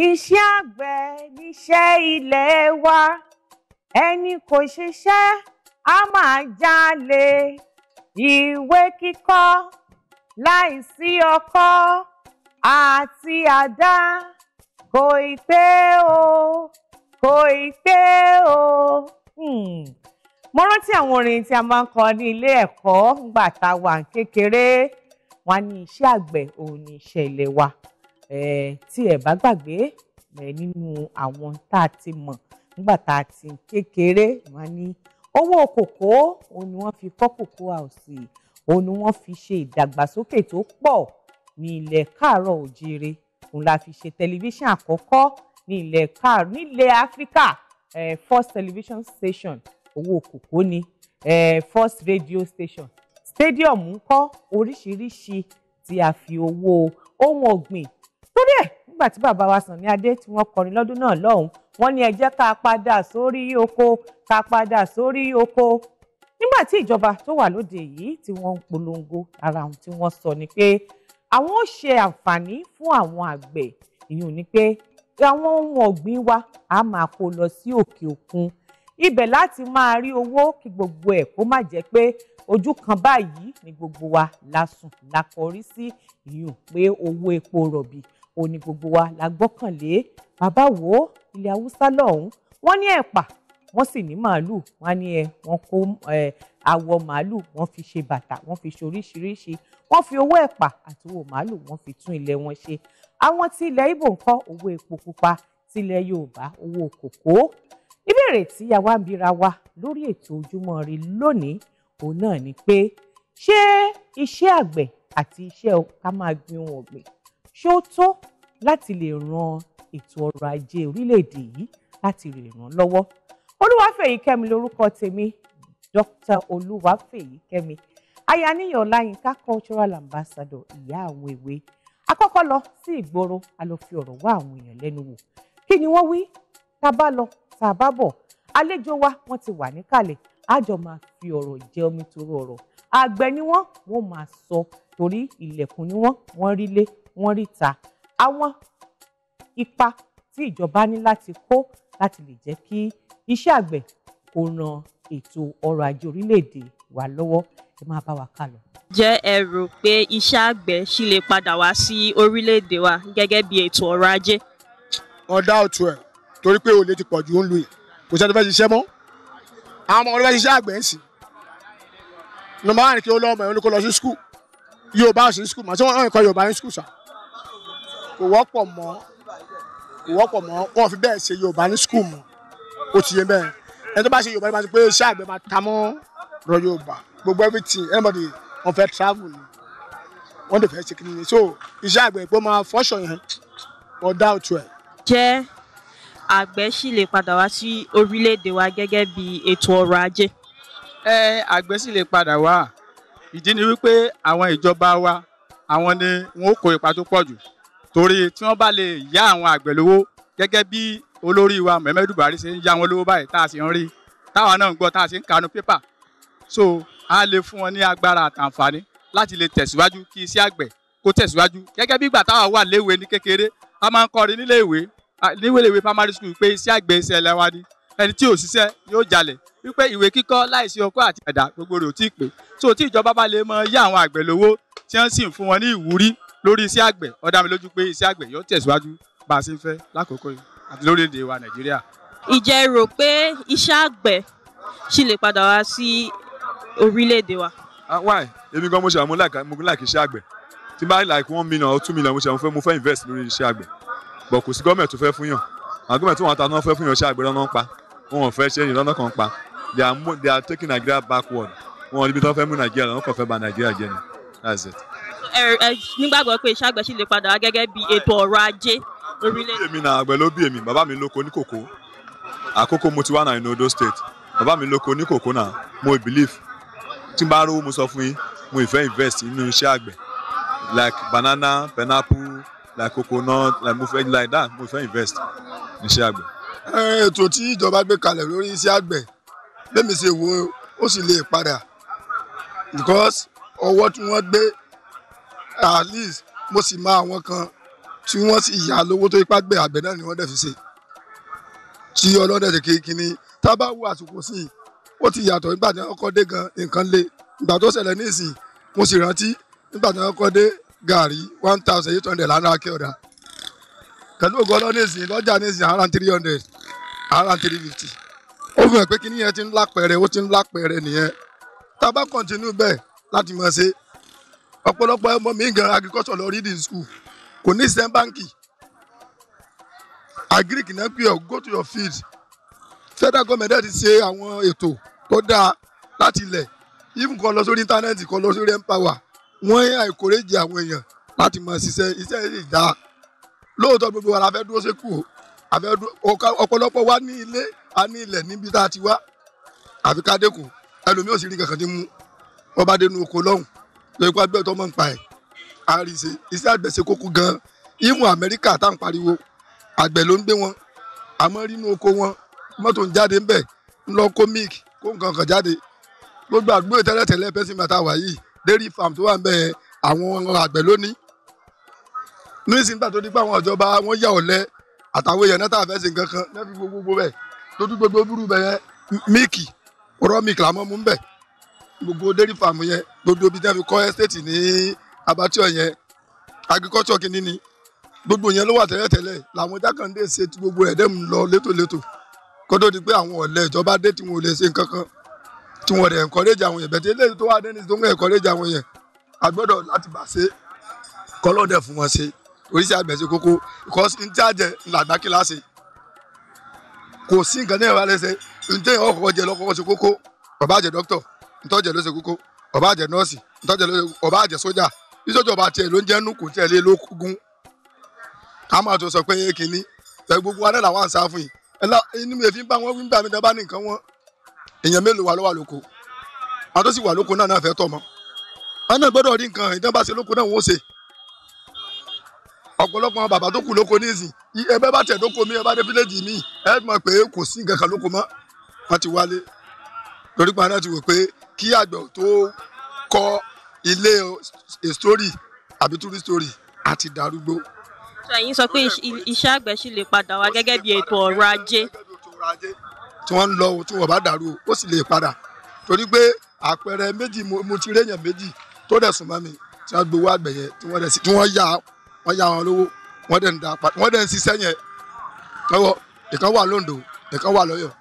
Iṣẹ́ àgbẹ̀ niṣẹ́ ilẹ̀ wa, ẹni kò ṣiṣẹ́ á máa jalè. Ìwé kíkọ́ láìsí ọkọ́ àti àdá kò ì pé o, kò ì pé o. Hmm. Mo rántí àwọn orin tí a máa ń kọ ní ilé ẹ̀kọ́ ńgbà wà kékeré. Wọ́n ní iṣẹ́ àgbẹ̀ òun ni iṣẹ́ wa tí ẹ bá gbàgbé nínú àwọn tá a ti mọ̀ nígbà tá a ti kékeré wọn ní owó kòkó òun ni wọ́n fi kọ́ kòkó àòsì òun ni wọ́n fi ṣe ìdàgbàsókè tó pọ̀ ní ilẹ̀ káàárọ̀ òjire òun la fi ṣe tẹlifíṣàn àkọ́kọ́ ní ilẹ̀ káàárọ̀ nílẹ̀ áfíríkà eh, first television station owó kòkó ni eh, first radio station stadium ń kọ́ oríṣiríṣi tí a fi owó ohun ọ̀gbìn torí ẹ̀ nígbà tí bàbá wa Sànní Adé tí wọ́n kọrin lọ́dún náà lọ́hùn wọ́n ní ẹ jẹ́ ká padà sórí oko ká padà sórí oko nígbà tí ìjọba tó wà lóde yìí tí wọ́n ń polongo ara ohun tí wọ́n sọ ni pé àwọn ó ṣe àǹfààní fún àwọn àgbẹ̀ ìyẹn ni pé àwọn ohun ọ̀gbìn wa a máa kó lọ sí òkè òkun ibẹ̀ láti máa rí owó kí gbogbo ẹ̀ kó má jẹ́ pé ojú kan báyìí ni gbogbo wa lásùn lákọrí sí ìyẹn pé owó epo rọ̀bì òun ni gbogbo wa la gbọ́kànlé bàbá wo ilẹ̀ haúsá lọ́hùn wọ́n ní ẹ̀pà wọ́n sì ní màálù wọ́n á ní ẹ wọ́n kó awọ màálù wọ́n fi ṣe bàtà wọ́n fi ṣe oríṣiríṣi wọ́n fi owó ẹ̀pà àti owó màálù wọ́n fi tún ilẹ̀ wọn ṣe àwọn ti ilẹ̀ Ìgbò ńkọ́ owó epo pupa ti ilẹ̀ Yorùbá owó kòkó ìbéèrè tí yàwá ń bira wa lórí ètò Ojúmọ́ Ire lónìí òun náà ni pé ṣé iṣẹ́ àgbẹ̀ àti iṣẹ́ ká máa gbin ohun ọ̀gbìn ṣé ó tó láti lè ran ètò ọrọ̀ ajé orílẹ̀-èdè yìí láti lè ràn lọ́wọ́ olúwàfẹ̀yìkẹ́mi lórúkọ tèmi dr olúwàfẹ̀yìkẹ́mi ayaníyàn ọláyínká cultural ambassador ìyá àwọn èwe akọ́kọ́ lọ sí ìgboro a lọ fi ọ̀rọ̀ wá àwọn èèyàn lẹ́nu wò kí ni wọ́n wí tá bá lọ tá bá bọ̀ àlejò wa wọ́n ti wà níkàlẹ̀ a jọ máa fi ọ̀rọ̀ jẹ omi toro ọ̀rọ̀ àgbẹ̀ ni wọ́n wọ́n máa sọ torí ilẹ̀kùn ni wọ́n wọ́n rí lé wọ́n rí ta àwọn ipa tí ìjọba ní láti kó láti lè jẹ́ kí iṣẹ́ àgbẹ̀ kó ran ètò ọrọ̀ ajé orílẹ̀-èdè wa lọ́wọ́ ẹ máa bá wa kà lọ. ǹjẹ́ ẹ rò pé iṣẹ́ àgbẹ̀ ṣì lè padà wá sí orílẹ̀-èdè wa gẹ́gẹ́ bí ètò ọrọ̀ ajé? ọ̀dà òtún ẹ̀ torí pé olè ti pọ̀ ju ń lu yìí kò sẹ́ni fẹ́ ṣiṣẹ́ mọ́ àwọn ọmọ ọdún fẹ́ ṣiṣẹ́ àgbẹ̀ ń sìn nọ́mbà wà ní kí ó lọ́mọ ẹ̀ ó ní lọ sí skul Yorùbá sí skul màá tí wọ́n ń kọ́ Yorùbá ní skul sáà kò wọ́pọ̀ mọ́ kò wọ́pọ̀ mọ́ wọn fi bẹ́ẹ̀ ṣe yorùbá ní skul mọ́ ó ti yé bẹ́ẹ̀ ẹni tó bá ṣe yorùbá ni wọ́n ti pé iṣẹ́ àgbẹ̀ máa ta mọ́ rọ yorùbá gbogbo everything anybody wọ́n fẹ́ travel ni wọ́n dẹ̀ fẹ́ ṣe kí ni so iṣẹ́ àgbẹ̀ pé máa fọ́ṣọ̀ yẹn wọ́n dá òtún ẹ̀. jẹ́ àgbẹ̀ sì lè padà wá sí orílẹ̀-èdè wa gẹ́gẹ́ bí ètò ọrọ̀ ajé. ẹ àgbẹ̀ sì lè padà wá ìdí ni wípé àwọn ìjọba wa àwọn ni wọn ó kó ipa tó pọ̀ jù torí tí wọ́n bá lè yá àwọn àgbẹ̀ lówó gẹ́gẹ́ bí olórí wa Muhammadu Buhari ṣe ń yá wọn lówó báyìí tá a sì ń rí táwa náà ń gbọ́ tá a sì ń kanu pépà so a lè fún wọn ní agbára àtàǹfààní láti lè tẹ̀síwájú kí iṣẹ́ àgbẹ̀ kó tẹ̀síwájú gẹ́gẹ́ bí ìgbà táwa wà léwe ní kékeré a máa ń kọrin nílé ìwé níwèlé ìwé primary school pé iṣẹ́ àgbẹ̀ iṣẹ́ ẹlẹ́ wa ni ẹni tí ò ṣiṣẹ́ yóò jalè wípé ìwé kíkọ́ láìsí ọkọ́ àti ẹ̀dá gbogbo rẹ̀ ò tí ì pé so tí ìjọba bá lè mọ yá àwọn àgbẹ̀ lówó tí wọ́n sì ń fún wọn ní ìwúrí lórí iṣẹ́ àgbẹ̀ ó dá mi lójú pé iṣẹ́ àgbẹ̀ yóò tẹ̀síwájú bá a ṣe ń fẹ́ lákòókò yìí àti lórílẹ̀‐èdè wa nàìjíríà. ìjẹ́ rò pé iṣẹ́ àgbẹ̀ ṣì lè padà wá sí orílẹ̀‐èdè wa. Ah, wáì èmi gan mo ṣe àwọn mo láìkí iṣẹ́ àgbẹ̀ tí bá láìkí one million or two million mo ṣe àwọn mo fẹ́ invest lórí iṣẹ́ àgbẹ̀ bọ̀ kò sí gọ́ọ̀mẹ̀ tó fẹ́ fún yàn àwọn gọ́ọ̀mẹ̀ tó wọn ta náà fẹ́ fún yàn iṣẹ́ àgbẹ̀ lọ́nà pa wọn ò fẹ́ ṣe é they are, they are taking Nigeria backward wọn ò níbi tó fẹ́ Nigeria lọ́nà kan fẹ́ Nigeria jẹ́ that's it nígbàgbọ́ pé iṣẹ́ àgbẹ̀ ṣì lè padà wá gẹ́gẹ́ bí ètò ọrọ̀ ajé orílẹ̀. èmi náà àgbẹ̀ ló bí èmi bàbá mi lóko ní àkókò mo ti wà náà ní Ondo State bàbá mi lóko ní náà mo believe tí n bá rówó mo sọ fún yín mo ìfẹ́ invest nínú iṣẹ́ àgbẹ̀ like banana pineapple like coconut like mo fẹ́ like that mo fẹ́ invest ní iṣẹ́ àgbẹ̀. ètò tí ìjọba gbé kalẹ̀ lórí iṣẹ́ àgbẹ̀ bẹ́ẹ̀ mi ṣe wo ó sì lè padà because ọwọ́ tí wọ́n gbé at least mo sì mọ àwọn kan tí wọ́n sì yà lówó tó ipá gbẹ àgbẹ̀ náà ni wọ́n dẹ̀ fi ṣe tí ọlọ́dẹ̀ ti kékeré tá a bá wo àsìkò sí i ó ti yàtọ̀ nígbà tí wọ́n kọ́ dé gan nǹkan le ìgbà tó ṣẹlẹ̀ ní ìsìn mo sì rántí nígbà tí wọ́n kọ́ dé gàrí one thousand eight hundred lánàá kí ọ̀dà pẹ̀lú ògùn ọlọ́ ní ìsìn lọ́jà ní ìsìn around three hundred around three fifty ó fi hàn pé kíní yẹn ti ń lápẹ̀rẹ̀ ó ti ń lápẹ̀rẹ̀ nìyẹn tá a bá continue bẹ́ẹ̀ láti mọ̀ ṣe ọ̀pọ̀lọpọ̀ ọmọ mi gan agriculture lọ reading school kò ní sẹ́ báńkì agric náà pè ọ́ go to your field federal government ti ṣe àwọn ètò tó dáa láti ilẹ̀ even kọ́ lọ sórí íńtánẹ́ẹ̀tì kọ́ lọ sórí empower wọ́n encourage àwọn èèyàn láti máa ṣiṣẹ́ iṣẹ́ yìí dáa lóòótọ́ gbogbo wa la fẹ́ dúró sékù o àfẹ́ ọ̀pọ̀lọpọ̀ wa ní ilé a ní ilẹ̀ níbi tá a ti wá àfi ká dẹ́kun ẹlòmíì ò sì rí kankan tí mú ọba dénú oko lọ́hùn lórí pa gbẹ́tọ́ mọ̀ ń pa ẹ̀ àríṣe iṣẹ́ àgbẹ̀ ṣe kókó gan-an ìwọ̀n Amẹ́ríkà tá à ń pariwo àgbẹ̀ ló ń gbé wọn àmọ́ rínú oko wọn mọ́tò ń jáde ń bẹ̀ ń lọ kó milk kó nǹkan kan jáde gbogbo àdúgbò tẹ́lẹ̀tẹ́lẹ̀ pẹ́sìn mẹ́ta wà yìí dairy farm tó wà ń bẹ̀ àwọn àgbẹ̀ lónìí ní ìsìn gbà tó di pé àwọn ìjọba wọn yà ọ̀lẹ àtàwọn èèyàn náà tá a fẹ́ ṣe nǹkan kan náà fi gbogbo bẹ̀ tó dún gbogbo búrú bẹ̀ yẹn rọ́ míìkì làmọ́ mú ń gbogbo dairy farm yẹn gbogbo ibi tí wọ́n fi kọ́ estate ní abattoir yẹn agriculture kìíní ni gbogbo yẹn ló wà tẹ́lẹ̀tẹ́lẹ̀ làwọn jákàndé ṣe ti gbogbo ẹ̀dẹ́ mu lọ létòlétò kótó di pé àwọn ọ̀lẹ́ ìjọba dé tí wọn ò lè ṣe nǹkan tí wọn rẹ̀ encourage àwọn yẹn bẹ̀tẹ̀ eléyìí tó wà dẹ́ni tó ń encourage àwọn yẹn a gbọ́dọ̀ láti bà ṣe kọ́lọ́dẹ̀ fún wọn ṣe oríṣi àgbẹ̀ kókó because làgbá kíláàsì kò sí nǹkan náà wà lẹ́sẹ̀ n tẹ́yìn ọkọ̀ jẹ lọ́kọ̀ ṣe kókó bàbá jẹ ntọ́jẹ̀ ló ṣe kókó ọba àjẹ nọ́ọ̀sì ntọ́jẹ̀ ló ṣe ọba àjẹ sójà ìṣọ́jọ́ ọba tiẹ̀ ló ń jẹ́nu kò tiẹ̀ lé lókùgún ká máa tó sọ pé kínní ẹ gbogbo wa náà làwọn àǹsá fún yìí ẹ lá inú mi èfi ń bá wọn wí ń bá mi dábàá nìkan wọn èèyàn mélòó wà ló wà lóko àwọn tó sì wà lóko náà náà fẹ́ tọ̀ mọ́ àwọn náà gbọ́dọ̀ rí nǹkan ìdánbà ṣe lóko náà wọ́n ṣe ọ̀pọ̀lọpọ̀ bàbá tó kù lóko nísìn ẹbẹ́ bá tẹ̀ lóko mi ẹ bá mi ẹ mọ̀ pé kò sí nǹkan kan lóko mọ́ wọ́n ti wálé torí pa náà ti wò pé kí àgbẹ̀ tó kọ́ ilé story àbí two story àti darúgbó. sọ èyí sọ pé iṣẹ́ àgbẹ̀ sì lè padà wá gẹ́gẹ́ bí ètò ọrọ̀ ajé. tí wọ́n ń lọ tí wọ́n bá dàrú ó sì lè padà torí pé àpẹẹrẹ méjì mo ti réyàn méjì tó dẹ̀ sùn mọ́ mi tí wọ́n gbowó àgbẹ̀ yẹn tí wọ́n dẹ̀ sí tí wọ́n yá wọ́n yá wọn lówó wọ́n dẹ̀ ń da padà wọ́n dẹ̀ ń ṣiṣẹ́ yẹn lọ́wọ́ ìkan wà lóńdó ìkan wà lọ́yọ̀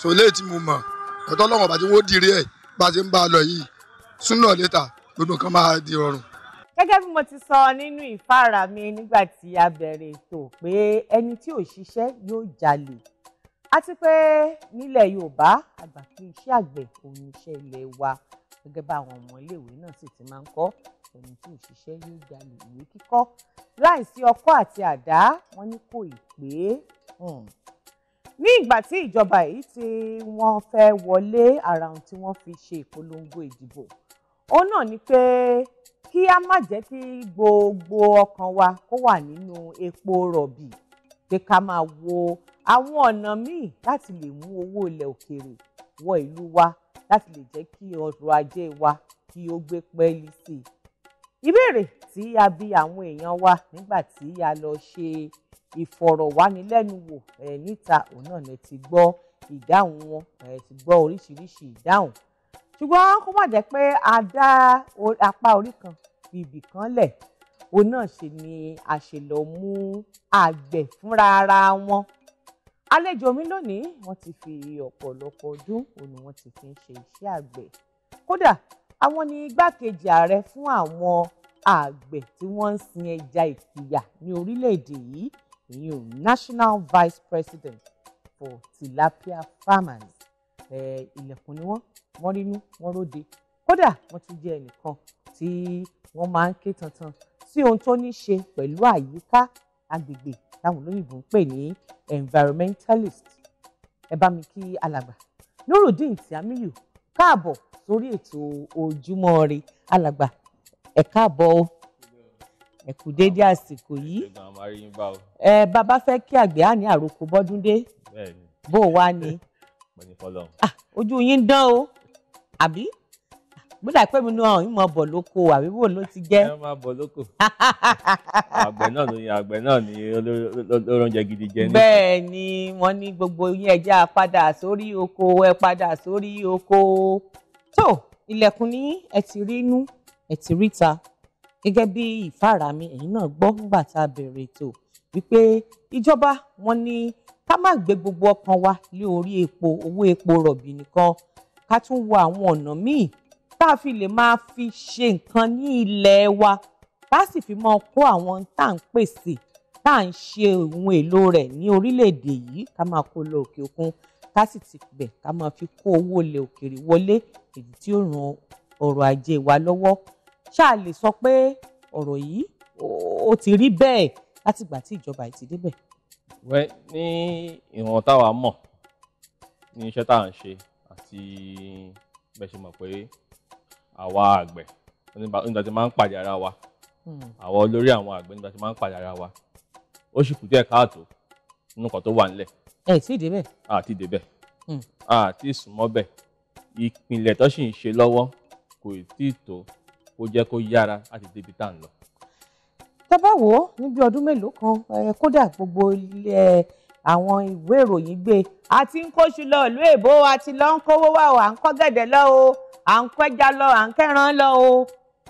so léètì mo mọ̀ ẹ̀tọ́ lọ́wọ́ bàjẹ́ wọ́n dìrí ẹ̀ bá a ṣe ń bá a lọ yìí sooner or gbogbo nǹkan máa di rọrùn. gẹ́gẹ́ bí mo ti sọ nínú ìfáàrà mi nígbà tí a bẹ̀rẹ̀ ètò pé ẹni tí ò ṣiṣẹ́ yóò jalè àti pé nílẹ̀ Yorùbá àgbà kí iṣẹ́ àgbẹ̀ òun iṣẹ́ ilé wa gẹ́gẹ́ bá àwọn ọmọ iléèwé náà sì ti máa ń kọ́ ẹni tí ò ṣiṣẹ́ yóò jalè ìwé kíkọ́ láìsí ọkọ́ àti àdá wọn ní kò ì pé hmm, ní ìgbà tí ìjọba yìí tí wọ́n fẹ́ wọlé ara ohun tí wọ́n fi ṣe ìpolongo ìdìbò òun náà ni pé kí a má jẹ́ kí gbogbo ọkàn wa kó wà nínú epo rọ̀bì pé ká máa wo àwọn ọ̀nà míì láti lè mú owó ilẹ̀ òkèèrè wọ ìlú wa láti lè jẹ́ kí ọrọ̀ ajé wa kí ó gbé pẹ́ẹ́lí sí i. ìbéèrè tí a bi àwọn èèyàn wa nígbà tí a lọ ṣe ìfọ̀rọ̀wánilẹ́nuwò níta òun náà lè ti gbọ́ ìdáhùn wọn ẹ ti gbọ́ oríṣiríṣi ìdáhùn ṣùgbọ́n kó má jẹ́ pé a dá apá orí kan ibì kan lẹ̀ òun náà ṣe ni a ṣe lọ mú àgbẹ̀ fúnra ara wọn àlejò mi lónìí wọ́n ti fi ọ̀pọ̀lọpọ̀ ọdún òun ni wọ́n ti fi ń ṣe iṣẹ́ àgbẹ̀ kódà àwọn ni igbákejì ààrẹ fún àwọn àgbẹ̀ tí wọ́n ń sin ẹja ìkìyà ní orílẹ̀-èdè yìí new national vice president for tilapia farmers ilẹ̀kùn ni wọ́n wọ́n rínú wọ́n róde kódà wọ́n tún jẹ́ ẹnìkan tí wọ́n máa ń ké tantan sí ohun tó ní ṣe pẹ̀lú àyíká agbègbè táwọn olóyìnbó ń pè ní environmentalist ẹ bá mi kí alàgbà nurudeen tiamiyu káàbọ̀ sórí ètò ojúmọ́ ire alàgbà ẹ káàbọ̀ o ẹ kú dédé àsìkò yìí ẹ bàbá fẹ́ kí àgbẹ̀ á ní àròkọ bọ́dúndé bó o wá ni ah, ojú yín dán o àbí gbọ́dọ̀ pé mi náà ń mọ bọ̀ lóko àbí wò ló ti jẹ́. ẹ máa bọ̀ lóko àgbẹ̀ náà ló àgbẹ̀ náà ni olóúnjẹ gidi jẹ bẹ́ẹ̀ ni wọ́n ní gbogbo yín ẹ já padà sórí oko ẹ padà sórí oko tó ilẹ̀kùn ní ẹ ti rí inú ẹ ti ríta gẹ́gẹ́ bí ìfáàrà mi ẹ̀yin náà gbọ́ nígbà tá a bẹ̀rẹ̀ ètò wípé ìjọba wọn ní ká má gbé gbogbo ọkàn wa lé orí epo owó epo rọ̀bì nìkan ká tún wo àwọn ọ̀nà míì tá a fi lè máa fi ṣe nǹkan ní ilẹ̀ wa tá a sì fi máa kó àwọn tá à ń pèsè tá à ń ṣe ohun èlò rẹ̀ ní orílẹ̀-èdè yìí ká máa kó lọ òkè òkun ká sì ti bẹ̀ ká máa fi kó owó ilẹ̀ òkèèrè wọlé èyí tí ó ran ọrọ̀ ajé wa lọ́wọ́ ṣáà lè sọ pé ọ̀rọ̀ yìí ó ti rí bẹ́ẹ̀ látìgbà tí ìjọba ti débẹ̀. wẹ́ ní ìwọ̀n táwa mọ̀ ní iṣẹ́ tá à ń ṣe àti bẹ́ẹ̀ ṣe mọ̀ pé àwa àgbẹ̀ nígbà tí máa ń pàdé ara wa hmm. àwa olórí àwọn àgbẹ̀ nígbà tí máa ń pàdé ara wa ó sì kù díẹ̀ káàtó nínú kan tó wà nílẹ̀. ẹ ti débẹ̀. a ti débẹ̀. Hmm. a ti sùn mọ́bẹ̀ ìpìlẹ̀ tó sì ń ṣe lọ́wọ́ kò tí ì tó kó jẹ́ kó yára láti débi tá à ń lọ. tá a bá wò ó níbi ọdún mélòó kan kódà gbogbo ilé àwọn ìwé ìròyìn gbé e. a ti ń kóṣù lọ ìlú èbó a ti lọ ń kówó wá o à ń kọ́ gẹ̀dẹ̀ lọ o à ń kẹja lọ à ń kẹran lọ o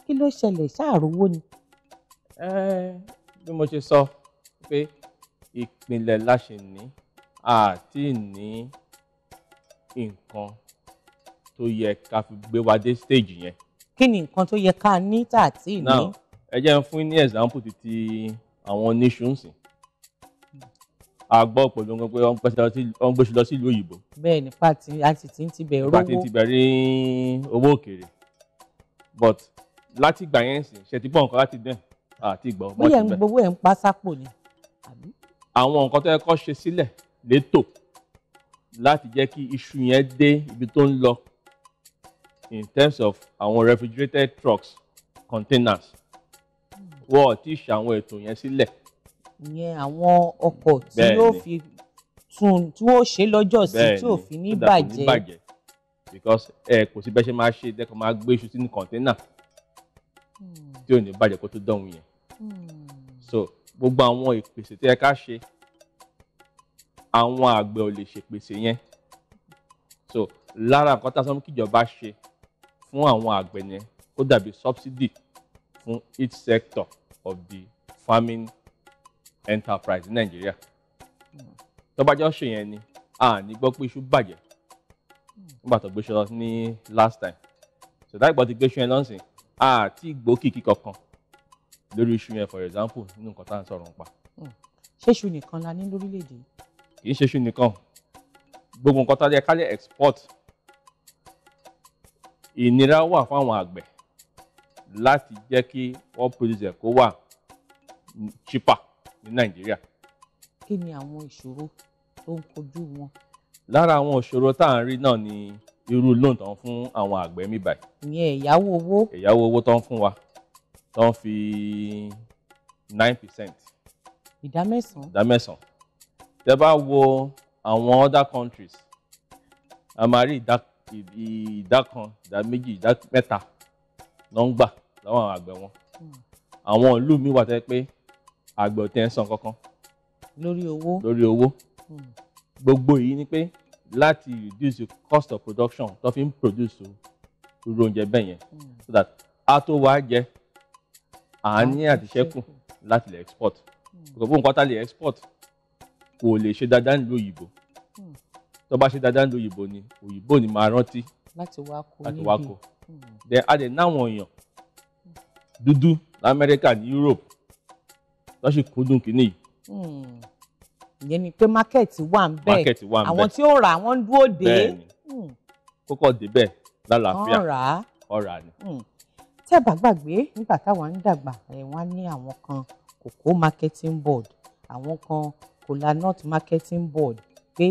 kí ló ṣẹlẹ̀ ṣáàrówó ni. ẹ bí mo ṣe sọ pé ìpìlẹ̀ la ṣì ní àti ní nǹkan tó yẹ ká fi gbé wa dé stage yẹn kí ni nǹkan tó yẹ ká ní tá à tí ì ní. now ẹ jẹ́ n fún ní example ti ti àwọn oníṣu ń sìn a gbọ́ pẹ̀lú wọn pé wọ́n gbèsè lọ sí ìlú òyìnbó. bẹ́ẹ̀ ni pati àti tí ń ti bẹ̀rẹ̀ owó. pati ti bẹ̀rẹ̀ owó òkèèrè but láti gbà yẹn sìn ṣe ti gbọ́ nǹkan láti dẹ̀ àti gbọ́ mọ́ ti bẹ̀. gbogbo ẹ̀ ń pa sápò ni. àwọn nǹkan tó yẹ kó ṣe sílẹ̀ létò láti jẹ́ kí iṣu yẹn dé ibi tó ń lọ in terms of àwọn refrigerated trucks containers wọ́n ti ṣe àwọn ètò yẹn sílẹ̀. ìyẹn àwọn ọkọ̀ tí yóò fi tún tí wọ́n ṣe lọ́jọ́ sí tí ò fi ní bàjẹ́. because ẹ kò sí bẹ́ẹ̀ ṣe máa ṣe dẹ́kun máa gbé iṣu sínú container tí ò ní bàjẹ́ kó tó dọ̀hún yẹn. so gbogbo àwọn ìpèsè tí ẹ ká ṣe àwọn àgbẹ̀ ò lè ṣèpèsè yẹn so lára nǹkan tá a sọ fún kíjọba ṣe fún àwọn àgbẹ̀ yẹn ó dàbí subsidy fún each sector of the farming enterprise ní nàìjíríà tọ́bajọ́ ṣe yẹn ni a ní gbọ́ pé iṣu bàjẹ́ nígbà tó gbéṣọ ní last time ṣètà ìgbọ́ ti gbéṣọ yẹn lọ́sìn a ti gbọ́ kìkì kankan lórí iṣu yẹn for example nínú nǹkan tá à ń sọ̀rọ̀ nípa. Hmm. ṣé iṣu nìkan la ní lórílẹ̀‐èdè? kì í ṣe iṣu nìkan gbogbo nǹkan tá a jẹ kálẹ̀ export ìnira wà fáwọn àgbẹ̀ láti jẹ́ kí wọ́n produce kó wà cheaper ní nàìjíríà. kí ni àwọn ìṣòro tó ń kojú wọn. lára àwọn ìṣòro tá à ń rí náà ni irú loan tó ń fún àwọn àgbẹ̀ mi báyìí. ìyẹn ẹ̀yáwó owó. ẹ̀yáwó owó tó ń fún wa tó ń fi nine percent. ìdá mẹ́sàn-án. ìdá mẹ́sàn-án. tẹ́ bá wo àwọn other countries a máa rí ìdá ìdá kan ìdá méjì ìdá mẹ́ta ló ń gbà láwọn àgbẹ̀ wọn àwọn ìlú mi wà tẹ́ pé àgbẹ̀ ò tẹ́ ń san kankan lórí owó lórí owó hmm. gbogbo yìí ni pé láti reduce the cost of production tó fi ń produce irú oúnjẹ bẹ́ẹ̀ yẹn hmm. so that a tó wá jẹ à ń ní àtìṣẹ́kù láti lè export kò hmm. fún nǹkan tá lè export kò lè ṣe dáadáa nílùú òyìnbó tó bá ṣe dáadáa ń lo òyìnbó ni òyìnbó ni máa rántí láti wá kó láti wá kó hmm. then a dẹ̀ náwọn èèyàn dúdú lamẹ́ríkà ní Europe lọ́ sì kúndùn kínní yìí. Hmm. ìyẹn ni pé mákẹ́ẹ̀tì wà ń bẹ́ẹ̀ àwọn tí ó rà wọ́n ń dúró hmm. dé. kókó débẹ̀ lálàáfíà ọ̀rà ni. tẹ́ bá gbàgbé nígbà táwọn ń dàgbà wọ́n ní àwọn kan cocoa marketing board àwọn kan kolanut marketing board pé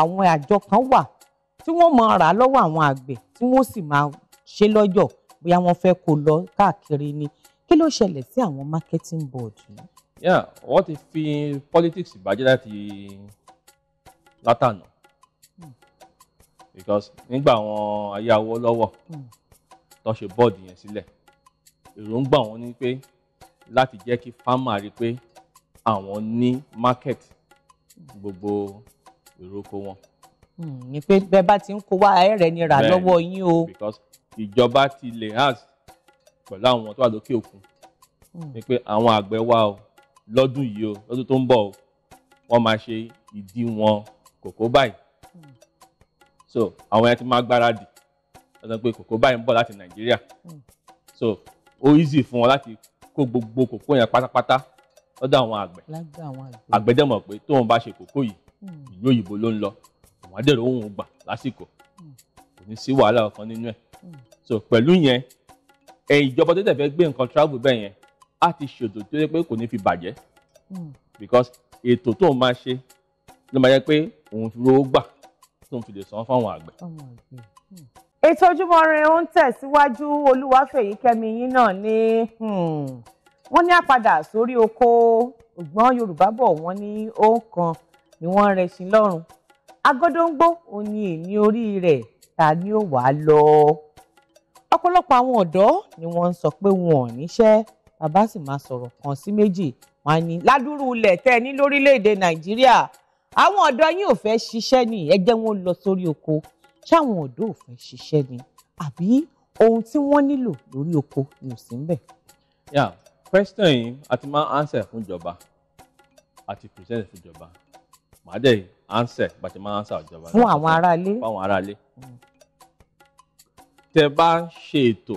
àwọn àjọ kan wà tí wọ́n máa rà lọ́wọ́ àwọn àgbẹ̀ tí wọ́n sì máa ṣe lọ́jọ́ bóyá wọ́n fẹ́ kó lọ káàkiri ni kí ló ṣẹlẹ̀ sí àwọn marketing board yìí. yeah wọ́n ti fi politics bàjẹ́ láti látànà hmm. because nígbà àwọn ayé Awólọ́wọ̀ hmm. tó ṣe bọ́ọ̀dù yẹn sílẹ̀ èròǹgbà wọn ni pé láti jẹ́ kí farmer rí pé àwọn ní market gbogbo ìrókò wọn. Hmm, ní pé bẹ́ẹ̀ bá ti ń kó wá ẹ̀rẹ̀ ni rà lọ́wọ́ yín o. because ìjọba ti lè hàn pẹ̀lú àwọn tó wà lókè òkun hmm. ni pé àwọn àgbẹ̀ wa o lọ́dún yìí o lọ́dún tó ń bọ̀ o wọ́n máa ṣe ìdíwọ̀n kòkó báyìí hmm. so àwọn yẹn ti máa gbáradì lọ́dún pé kòkó báyìí ń bọ̀ láti nàìjíríà so ó easy fún wọn láti kó gbogbo kòkó yẹn pátápátá lọ́dọ̀ àwọn àgbẹ̀ àgbẹ̀ dẹ̀ mọ̀ pé tóun bá ṣe kòkó yìí hmm. ìlú òyìnbó ló ń lọ àwọn adẹ̀rọ òun gbà lásìkò hmm. kò ní sí wàhálà ọ̀kan nínú ẹ̀ hmm. so pẹ̀lú yẹn ẹ ìjọba tó tẹ̀ fẹ́ gbé nǹkan travel bẹ́ẹ̀ yẹn á ti ṣètò tó yẹ pé kò ní fi bàjẹ́ because ètò tóun máa ṣe ló máa yẹ pé òun fi rówó gbà tóun fi lè san fáwọn àgbẹ̀ ètò Ojúmọ́ Ire ń tẹ̀síwájú Olúwafẹ́yìkẹ́mi yín náà ní wọ́n ní àpadà sórí oko ògbọ́n yorùbá bọ̀ wọ́n ní ọ̀kan ni wọ́n rẹṣin lọ́rùn agọ́dọ́ngbó òun ni èmi orí rẹ̀ ta ni ó wàá lọ. ọ̀pọ̀lọpọ̀ àwọn ọ̀dọ́ ni wọ́n ń sọ pé wọn ò níṣẹ́ bàbá sì máa sọ̀rọ̀ kan sí méjì wọn ni ládùúrú ilẹ̀ tẹ́ ẹ ní lórílẹ̀‐èdè nàìjíríà àwọn ọ̀dọ́ yín ò fẹ́ ṣiṣẹ́ ni ẹ jẹ́ wọn lọ sórí oko ṣáwọn ọ̀dọ́ ò fẹ́ ṣiṣẹ́ ni àbí ohun tí wọ́n nílò lórí oko ni ò sí ń bẹ̀ question yìí a ti máa answer fún ìjọba a ti present fún ìjọba màá dẹ̀ answer bá ti máa answer ìjọba. fún àwọn aráalé. fún àwọn aráalé. tẹ́ bá ń ṣe ètò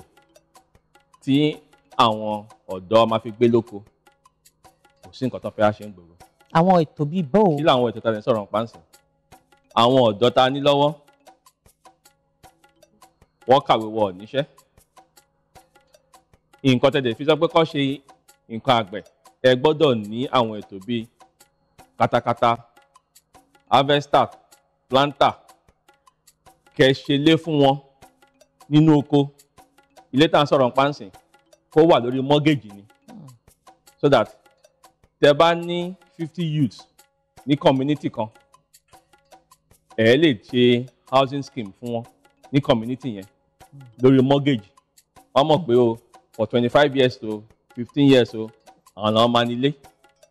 tí àwọn ọ̀dọ́ máa fi gbé lóko kò sí nǹkan tó fẹ́ ṣe ń gbòòrò. àwọn ètò bíi bóò. kí làwọn ètò tàbí sọ̀rọ̀ nípa ǹsìn àwọn ọ̀dọ́ ta ní lọ́wọ́ wọ́n kàwé wọ níṣẹ́ nǹkan tẹ̀lé fi sọ pé kọ́ ṣe nǹkan àgbẹ̀ ẹ gbọ́dọ̀ ní àwọn ètò bíi katakata harvester planter kẹ́ ṣe lé fún wọn nínú oko ilé tá à ń sọ̀rọ̀ pánsìn kó wà lórí mọ́gẹ́jì ni so that tẹ bá ní fifty youths ní community kan ẹ lè ṣe housing scheme fún wọn ní community yẹn lórí mọ́gẹ́jì wọ́n mọ̀ pé o. Mm for twenty five years to fifteen years o àwọn làwọn máa nílé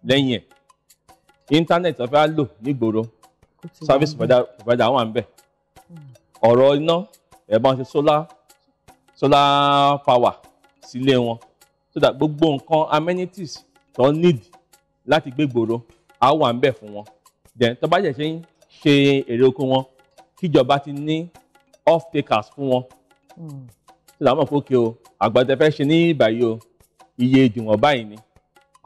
lẹ́yìn ẹ̀ íńtánẹ́ẹ̀tì wọ́n fẹ́ lò nígboro service provider wà ń bẹ̀ hmm. ọ̀rọ̀ iná ẹ̀bọn ṣe solar solar power sílé wọn so that gbogbo nǹkan amenities tó need láti gbé gbòòrò á wà ń bẹ̀ fún wọn then tó bá jẹ́ ṣe ń ṣe èrè oko wọn kíjọba ti ní off takers fún wọn hmm làwọn mọ̀ fókè o àgbàdo fẹ́ ṣe ní ìbàyí o iye ìdìwọ̀n báyìí ni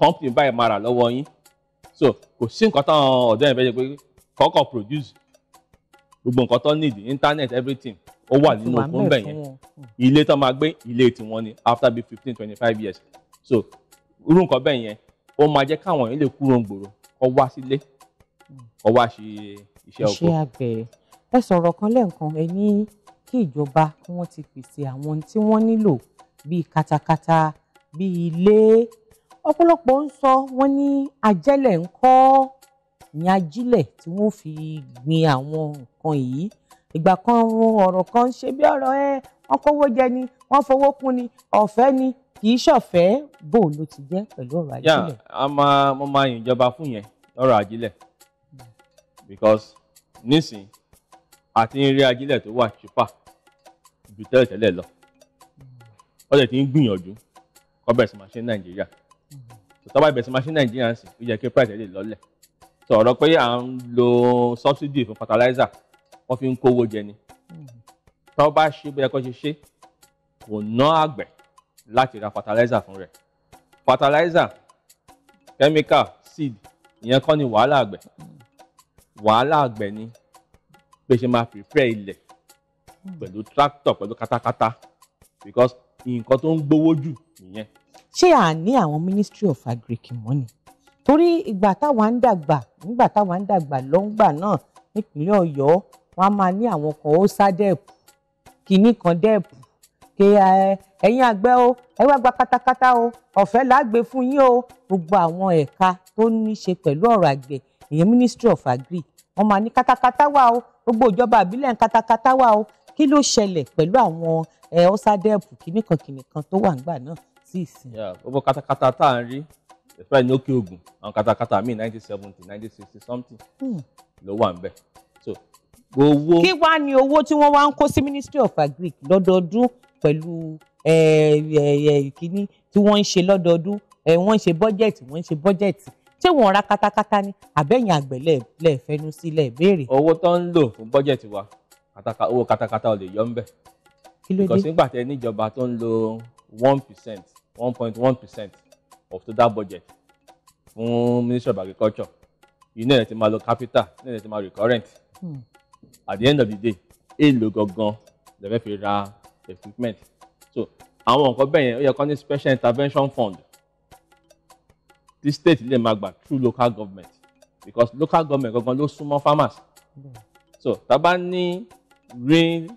company báyìí máa rà lọ́wọ́ yín so kò sí nǹkan táwọn ọ̀dọ́ yẹn fẹ́ ṣe pé kọ́kọ́ produce gbogbo nǹkan tó need internet everything ó wà nínú okun bẹ̀ yẹn ilé tó máa gbé ilé tiwọn ni after be fifteen twenty five years so irú nǹkan bẹ́ẹ̀ yẹn ó máa jẹ́ káwọn èèyàn lè kúrò ń gbòòrò kó wá sílé kó wá ṣe iṣẹ́ oko. iṣẹ́ àgbẹ̀ ẹ sọ̀rọ̀ kan lẹ́ẹ̀kan ẹ ní kí ìjọba kí wọ́n ti pèsè àwọn ohun tí wọ́n nílò bíi katakata bíi ilé ọ̀pọ̀lọpọ̀ ń sọ wọ́n ní ajẹ́lẹ̀ ń kọ́ ní ajílẹ̀ tí wọ́n fi gbin àwọn nǹkan yìí ìgbà kan wọn ọ̀rọ̀ kan ṣe bí ọ̀rọ̀ ẹ wọ́n kówó jẹ ni wọ́n fowó kún ni ọ̀fẹ́ ni kì í ṣọ̀fẹ́ bò ló ti jẹ́ pẹ̀lú ọ̀rọ̀ ajílẹ̀. yà á máa mo máa yìn ìjọba fún yẹn lọ́rọ̀ ajílẹ̀ hmm. because nísìn àti ń rí ajílẹ̀ tó wà ṣùpà ju tẹ́lẹ̀ tẹ́lẹ̀ lọ ó dẹ̀ ti ń gbìyànjú kó bẹ̀rẹ̀ sí máa ṣe ní nàìjíríà hmm. tó bá bẹ̀rẹ̀ sí máa ṣe ní nàìjíríà sì ó yẹ kí price lè lọ́lẹ̀ tó ọ̀rọ̀ pé à ń lo subsidy fún fertilizer wọ́n fi ń kówó jẹ ni hmm. tó bá ṣe bóyá kó ṣe ṣe kò ná àgbẹ̀ láti ra fertilizer fún rẹ̀ fertilizer chemical seed ìyẹn kọ́ ni wàhálà àgbẹ̀ hmm. wàhálà àgbẹ̀ ni pé ṣe máa prepare ilẹ̀ Hmm. pẹ̀lú tractor pẹ̀lú katakata because nǹkan tó ń gbowó jù nìyẹn. ṣé à ní àwọn ministry of agric mọ́ ni torí ìgbà táwa ń dàgbà nígbà táwa ń dàgbà lọ́ngbà náà nípínlẹ̀ ọ̀yọ́ wọn a máa ní àwọn kan ó sá dẹ́ẹ̀pù kìíní kan dẹ́ẹ̀pù kí ẹ̀yin àgbẹ̀ o ẹ wá gba katakata o ọ̀fẹ́ lágbè fún yín o gbogbo àwọn ẹ̀ka tó ní ṣe pẹ̀lú ọ̀rọ̀ àgbẹ̀ ìyẹn ministry of agric wọn máa ní katakata wà o gbogbo ìjọba àbílẹ̀ ń katakata wà o kí ló ṣẹlẹ̀ pẹ̀lú àwọn ọ́sádẹ́ẹ̀pù kìnnìkan kìnnìkan tó wà ńgbà náà sí ìsìn. gbogbo katakata tá à ń rí especially ní òkè ògùn àwọn katakata míì nineteen seventy nineteen sixty something hmm. ló wà ńbẹ̀ so owó. kí wàá ni owó tí wọ́n wá ń kó sí ministry of agric lọ́dọọdún pẹ̀lú kínní tí wọ́n ń ṣe lọ́dọọdún wọ́n ń ṣe bọ́jẹ̀tì wọ́n ń ṣe bọ́jẹ̀tì ṣé wọ́n ra katakata ni àbẹ́yìn àgbẹ̀ lẹ́ẹ̀fẹ́nu sílẹ̀ béèrè. owó tó ń lò fún bọ́jẹ̀tì wa kátàkà owó kátàkátà ò lè yọ ń bẹ̀. because nígbà tẹ níjọba tó ń lo one percent one point one percent of total budget fún ministry of agriculture you know ti máa lo capital you know ti máa recurrent hmm. at the end of the day èèlò gangan lè fẹ́ fi ra equipment so àwọn nǹkan bẹ́ẹ̀ yẹn ó yẹ kó ní special intervention fund tí state lè máa gbà through local government because local government gangan ló súnmọ́ farmers hmm. so tá a bá ní green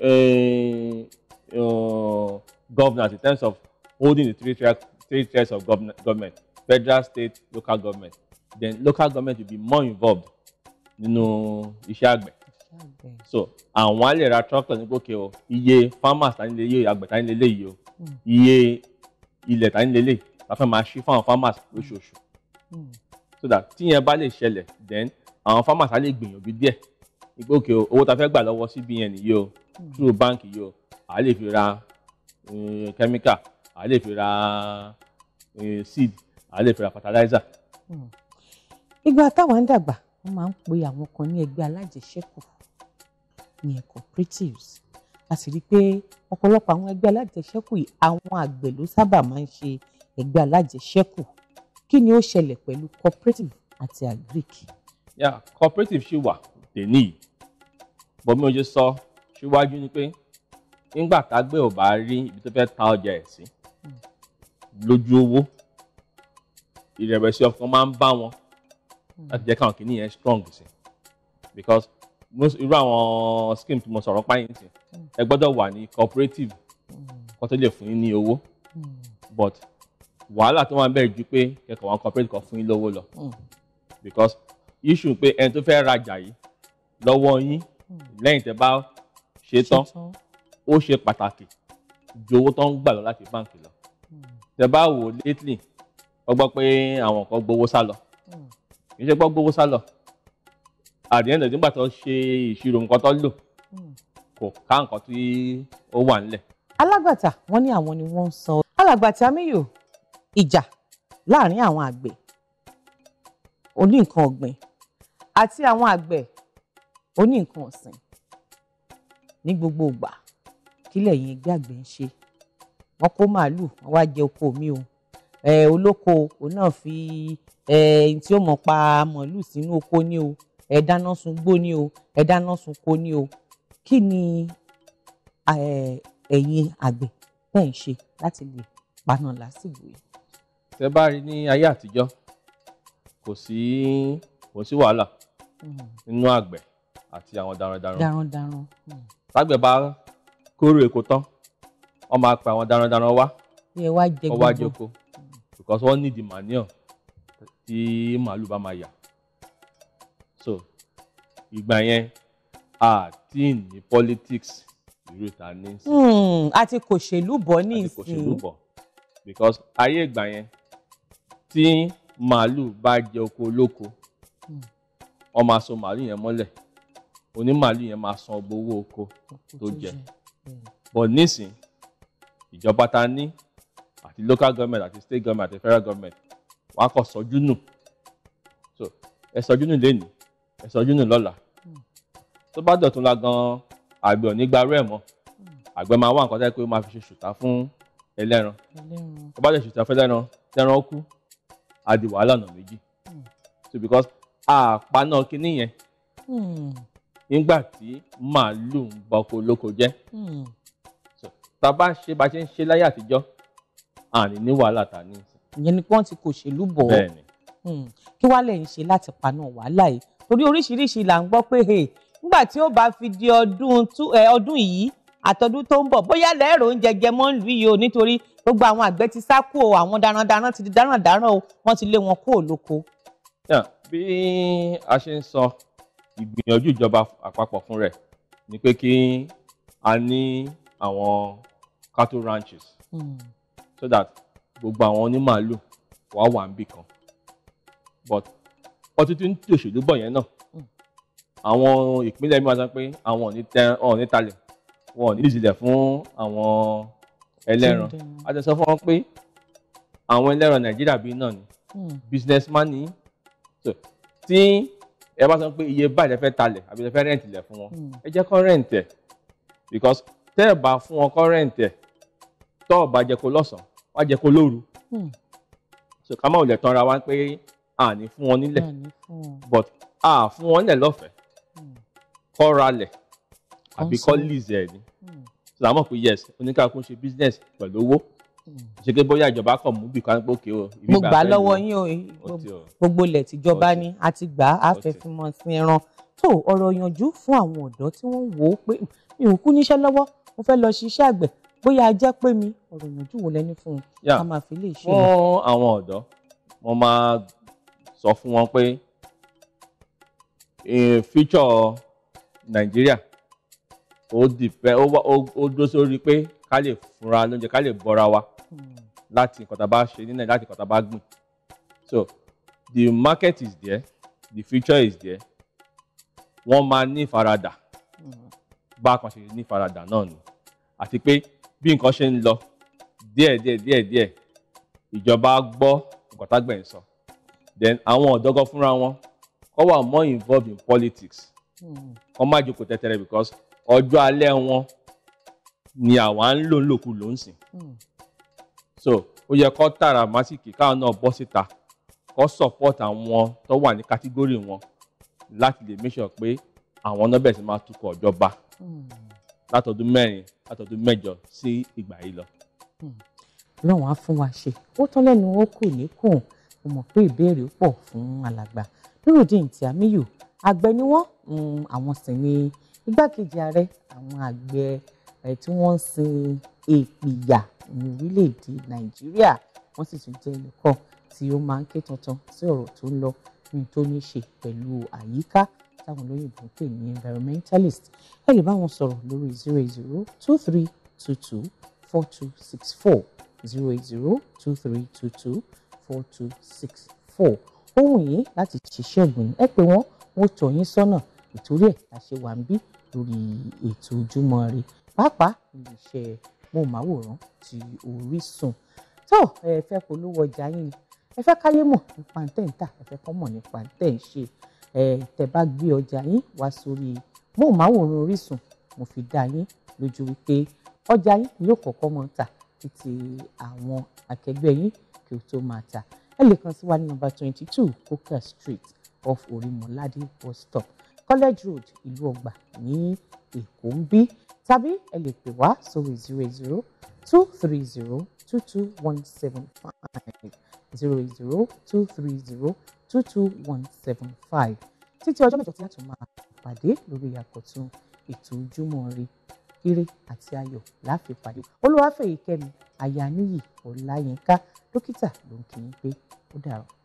eh, uh, uh, governance in terms of holding the three tiers, three tiers of government, federal state local government then local government will be more involved nínú iṣẹ́ àgbẹ̀ so àwọn á lè ra tractor ní gòkè o iye farmers tani lè iye àgbẹ̀ tani lè lè yìí o iye ilẹ̀ tani lè lè la fẹ́ máa ṣí fáwọn farmers lóṣooṣù hmm. so that tíyẹn bá lè ṣẹlẹ̀ then àwọn farmers á lè gbìyànjú díẹ̀ ìgbé òkè owó tá a fẹ́ gbà lọ́wọ́ CBN yìí o hmm. through bank yìí o à lè fi ra kẹ́míkà eh, à lè fi ra eh, seed à lè fi ra fertilizer. Hmm. ìgbà táwọn ń dàgbà wọ́n máa ń pe àwọn kan ní ẹgbẹ́ alájẹṣẹ́kù ìyẹn cooperatives a sì rí i pé ọ̀pọ̀lọpọ̀ àwọn ẹgbẹ́ alájẹṣẹ́kù yìí àwọn àgbẹ̀ ló sábà máa ń ṣe ẹgbẹ́ alájẹṣẹ́kù kí ni ó ṣẹlẹ̀ pẹ̀lú cooperative àti agric. yà yeah, cooperative ṣì wà dèní yìí bọ́ mi ò ṣe sọ síwájú ni pé nígbà tágbẹ̀ ò bá rí ibi tó fẹ́ ta ọjà ẹ̀ sí lójú owó ìrẹ̀wẹ̀sì ọkàn máa ń bá wọn láti jẹ́ káwọn kìíní yẹn strong sí because irú àwọn scheme tí mo sọ̀rọ̀ páyìn sí ẹ gbọ́dọ̀ wà ní cooperative kó tó lè fún yín ní owó but wàhálà tó máa ń bẹ̀rẹ̀ ju pé kẹ́kọ̀ọ́ wọn cooperative kan fún yín lówó lọ because issue pé ẹni tó fẹ́ rajà yìí lọ́wọ́ yín Hmm. lẹ́yìn tẹ́ bá ṣe tán ó ṣe pàtàkì ju owó tó ń gbà lọ láti báǹkì lọ hmm. tẹ́ bá wò lately wọ́n gbọ́ pé àwọn kan gbowó sá lọ hmm. kì í ṣe gbọ́ gbowó sá lọ àdéhùn ẹ̀dùn nígbà tó ṣe ìṣirò nǹkan tó lò kò ká nǹkan tí ó wà nílẹ̀. alágbàtà wọn ní àwọn ni wọn ń san alágbàtà Tamiyu ìjà láàrin àwọn àgbẹ̀ oní ọ̀gbìn àti àwọn àgbẹ̀ ó ní nǹkan ọ̀sìn ní gbogbo ìgbà kílẹ̀ yẹn gbàgbé ń ṣe wọ́n kó màálùú wọ́n wá jẹ oko mi o ẹ olóko òun náà fi ẹ tí ó mọ̀ pa màálùú sínú oko ni o ẹ dáná sun gbó ni o ẹ dáná sun ko ni o kí ni ẹ̀yin àgbẹ̀ tẹ̀ ń ṣe láti lè paná lásìkò yìí. tẹ bá rí ní ayé àtijọ́ kò sí kò sí wàhálà hmm. nínú àgbẹ̀ àti àwọn darandaran. darandaran. ságbẹ̀ hmm. bá kóró èkó tán wọ́n máa pa àwọn darandaran wá. ẹ wá jẹ gbogbo wọ́n wá jẹko because wọ́n need the manure tí màálù bá máa yà. so ìgbà yẹn àti ní politics ìlú ìta ní. àti hmm, kò ṣèlú bọ̀ ní ìsìn. àti kò ṣèlú bọ̀ because ayé ìgbà yẹn tí màálù bá jẹ oko olóko hmm. wọ́n máa so màálù yẹn mọ́lẹ̀ onímàálù yẹn máa san gbogbo owó oko tó jẹ hmm. but nísìn ìjọba ta ní àti local government àti state government àti federal government wọ́n á kọ sọjú nù so ẹ sọjú nù lẹ́nu ẹ sọjú nù lọ́la hmm. tó bá dọ̀tún la gan-an àgbẹ̀ ò ní gbarú ẹ̀ mọ́ hmm. àgbẹ̀ máa wá nǹkan tẹ́ pé ó máa fi ṣe ṣùtá fún ẹlẹ́ran tó bá dẹ̀ ṣùtá fún ẹlẹ́ran tẹ́ran ó kú á di wàhálà ọ̀nà méjì so because àpá náà kinní yẹn nígbà tí màálù ń ba oko olóko jẹ́ hmm. tá a bá ṣe bá ṣe ń ṣe láyé àtijọ́ àní ní wàhálà tà ní ìsìn. ìyẹn ni wọ́n ti kò ṣèlú bọ̀ ọ́ bẹ́ẹ̀ni hmm. kí wàá lè ń ṣe láti paná wàhálà yìí torí oríṣiríṣi là ń gbọ́ pé nígbà tí ó bá fi di ọdún yìí àtọdún tó ń bọ̀ bóyá lẹ́rọ oúnjẹ jẹ mọ́ ìlú yìí o nítorí gbogbo àwọn àgbẹ̀ ti sá kúrò àwọn darandaran ti di darandaran o wọ́n ti lé wọn kúrò lóko. bí a ṣe ń sọ ìgbìyànjú ìjọba àpapọ̀ fún rẹ̀ ni pé kí a ní àwọn cattle ranches hmm. so that gbogbo àwọn onímàálù wà wà níbì kan but wọ́n ti tún tòṣèlú bọ̀ yẹn náà hmm. àwọn ìpínlẹ̀ mi wá sọ pé àwọn ò ní tẹ ọ̀ ní talẹ̀ wọn ò ní ìjìnlẹ̀ fún àwọn ẹlẹ́ran a ti sọ fún wọn pé àwọn ẹlẹ́ran nàìjíríà bíi náà ni hmm. businessman ni tí. So, ẹ bá sọ pé iye báyìí lẹ fẹ́ talẹ̀ àbí lẹ fẹ́ rẹ́ǹtì lẹ̀ fún wọn hmm. ẹ jẹ́ kọ́ rẹ́ǹtì because tẹ́ ẹ bá fún wọn kọ́ rẹ́ǹtì ẹ̀ tọ́ ọ bá jẹ kó lọ́sàn-án wá jẹ kó lóru hmm. so ká má ò lẹ̀ tanra wa pé àní fún wọn nílẹ̀ but a fún wọn nílẹ̀ lọ́fẹ̀ẹ́ hmm. kọ́ ralẹ̀ àbí kọ́ lease ẹ̀ ni so àmọ́ pé yes oníkàkùn ṣe business pẹ̀lú owó ṣe pé bóyá ìjọba kàn mú bí kan gbòkè o. mo gbà lọ́wọ́ yín o gbogbo ilẹ̀ tìjọba ni a ti gbà á fẹ́ fi mọ̀ sí ẹran tó ọ̀rọ̀ yanjú fún àwọn ọ̀dọ́ tí wọ́n wò ó pé mi ò kú níṣẹ́ lọ́wọ́ mo fẹ́ lọ ṣiṣẹ́ àgbẹ̀ bóyá a jẹ́ pé mi ọ̀rọ̀ yanjú wo lẹ́ni fún un ká máa fi lè ṣe. fún àwọn ọ̀dọ́ mo máa sọ fún wọn pé eh, future nàìjíríà ó dúró sórí pé ká lè fúnra lóúnjẹ ká lè bọ́ra wa láti nǹkan tá a bá ṣe nílẹ̀ láti nǹkan tá a bá gbìn so the market is there the future is there wọ́n máa ní ìfaradà bá a kan ṣe ní ìfaradà náà ni àti pé bí nǹkan ṣe ń lọ díẹ̀díẹ̀ díẹ̀díẹ̀ ìjọba gbọ́ nǹkan tágbẹ̀ ń sọ then àwọn ọ̀dọ́gọ́ fúnra wọn kọ́ wà more involved in politics kọ́ má jókòó tẹ́tẹ́rẹ́ because ọjọ́ alẹ́ wọn ni àwa ń lò ń lòkulò ń sìn so ó yẹ kó tààrà màsíkì káwọn náà bọ́ síta kó support àwọn tó wà ní kátígórì wọn láti lè make sure pé àwọn náà bẹ̀rẹ̀ sí máa tukọ̀ ìjọba hmm. látọdún mẹ́rin látọdún mẹ́jọ sí ìgbà yìí lọ. Hmm. lọ́wọ́n á fún wa ṣe ó tán lẹ́nu ó kù ní kùn ó mọ̀ pé ìbéèrè pọ̀ fún alàgbà Nurudeen Tiamiyu àgbẹ̀ ni wọ́n hmm, àwọn sì ni igbákejì ààrẹ àwọn àgbẹ̀ tí wọ́n ń sin èpìyà ní orílẹ̀-èdè nàìjíríà wọ́n sì tún jẹ́ ẹnìkan tí ó máa ń ké tantan sí ọ̀rọ̀ tó ń lọ ní tó ní ṣe pẹ̀lú àyíká táwọn olóyìnbó ń pè ní environmentalist ẹ lè bá wọn sọ̀rọ̀ lórí zero eight zero two three two two four two six four zero eight zero two three two two four two six four ó wù yín láti ṣiṣẹ́ ọ̀gbìn ẹ pé wọ́n wọ́n tọ́ yín sọ́nà ìtúrí ẹ̀ la ṣe wà ń bí lórí ètò ojúmọ́ ire pàápàá ilé iṣẹ́ móhùnmáwòrán ti Orísun tó ẹ fẹ́ polówó ọjà yín ni ẹ fẹ́ káyé mọ̀ nípa ntẹ́ǹtà ẹ fẹ́ kọ́ mọ̀ nípa ntẹ́ǹṣe ẹ tẹ́ bá gbé ọjà yín wá sórí móhùnmáwòrán Orísun mo fi dá yín lójú wípé ọjà yín yóò kọ́kọ́ mọ̀ tà títí àwọn akẹgbẹ́ yín kí o tó máa tà ẹ lè kàn sí wa ní nọ́mbà twenty two Coker Street off Orímọládé bus stop College Road ìlú ọgbà ní Èkó ń bí tàbí ẹ lè pè wá sórí zero zero two three zero two two one seven five zero zero two three zero two two one seven five títí ọjọ́ mẹ́jọ tí a tún máa pàdé lórí àkọ́tún ètò ojúmọ́ ire ire àti ayọ̀ láfi pàdé olúwàfẹ̀yìkẹ́mi àyàníyì ọláyínká dókítà ló ń kí yín pé ó dàrọ̀.